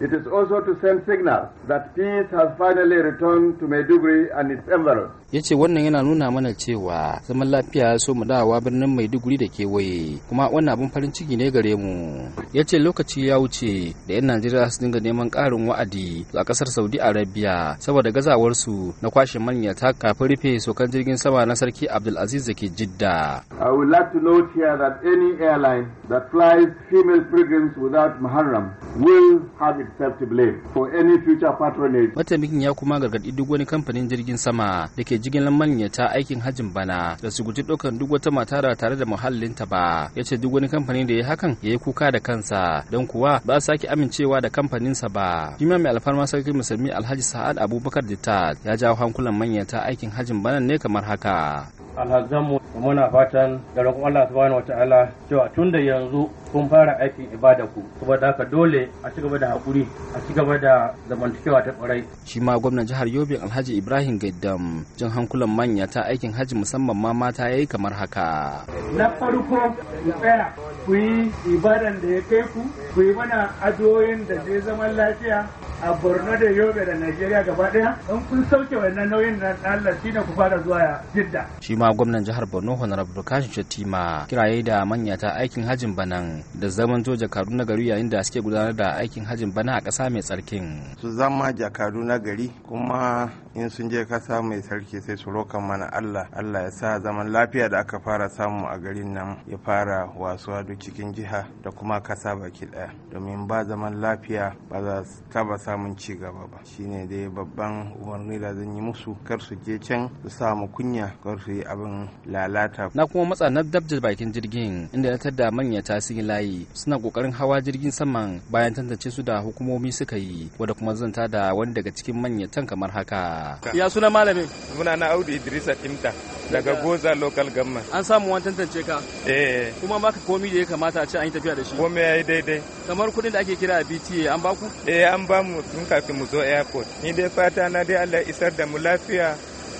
It is also to send signal that peace has finally returned to Maiduguri and its environs. Ya ce wannan yana nuna mana cewa zaman lafiya ya so mu dawowa birnin Maiduguri da kewaye kuma wannan abin farin ciki ne gare mu. Ya ce lokaci ya wuce da 'yan Najeriya su dinga neman ƙarin wa'adi a ƙasar Saudi Arabia saboda gazawarsu na kwashe ta kafin rufe sokan jirgin sama na Sarki Abdulaziz da ke Jidda. I would like to note here that any airline that flies female pilgrims without Muharram will have it self-blame for any future patronage. Mataimakin ya kuma gargaɗi duk wani kamfanin jirgin sama da ke jigilar manyata aikin hajin bana da su guji ɗaukar duk wata mata ba tare da muhallin ta ba. Ya ce duk wani kamfanin da ya hakan ya yi kuka da kansa don kuwa ba a sake amincewa da kamfaninsa ba. jima mai alfarma sarkin musulmi Alhaji Sa'ad Abubakar Dittat ya jawo hankulan manyata aikin hajin bana ne kamar haka. alhazanmu muna fatan da roƙon Allah subhanahu wataala cewa tun da yanzu kun fara aikin ibada ku kuma da haka dole a ci gaba da hakuri a ci gaba da zamantakewa ta kwarai shi ma gwamnan jihar Yobe Alhaji Ibrahim Gaidam jin hankulan manya ta aikin haji musamman ma mata yayi kamar haka na farko ku tsaya ku yi ibadan da ya kai ku ku yi mana adoyin da zai zaman lafiya a borno da yobe da najeriya gaba daya in kun sauke wannan nauyin na allah shi ne ku fara zuwa jidda shi ma gwamnan jihar borno honorable kashin shettima kiraye da manyata aikin hajin banan da zaman to jakadu na gari yayin da suke gudanar da aikin hajin bana a kasa mai tsarkin su zama jakadu na gari kuma in sun je kasa mai sarki sai su roka mana Allah Allah ya sa zaman lafiya da aka fara samu a garin nan ya fara wasuwa duk cikin jiha da kuma kasa baki daya domin ba zaman lafiya ba za su taba samun ci gaba ba shine dai babban umarni da zan yi musu kar su je can su mu kunya kar su yi abin lalata na kuma matsa na dabje bakin jirgin inda na tada manya tasirin layi suna kokarin hawa jirgin saman bayan tantance su da hukumomi suka yi wanda kuma zan tada wani daga cikin manyatan kamar haka ya suna malamin muna na audu idrisa imta daga goza local government an samu wani tantance ka eh kuma baka komi da ya kamata a ce an yi tafiya da shi komai yayi daidai kamar kudin da ake kira a BTA an baku eh an ba mu tun kafin mu zo airport ni dai fata na dai Allah isar da mu lafiya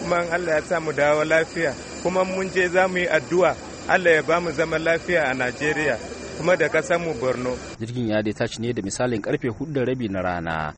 kuma Allah ya sa mu dawo lafiya kuma mun je za mu yi addu'a Allah ya ba mu zaman lafiya a Najeriya kuma da kasar mu Borno jirgin ya dai tashi ne da misalin karfe hudu da rabi na rana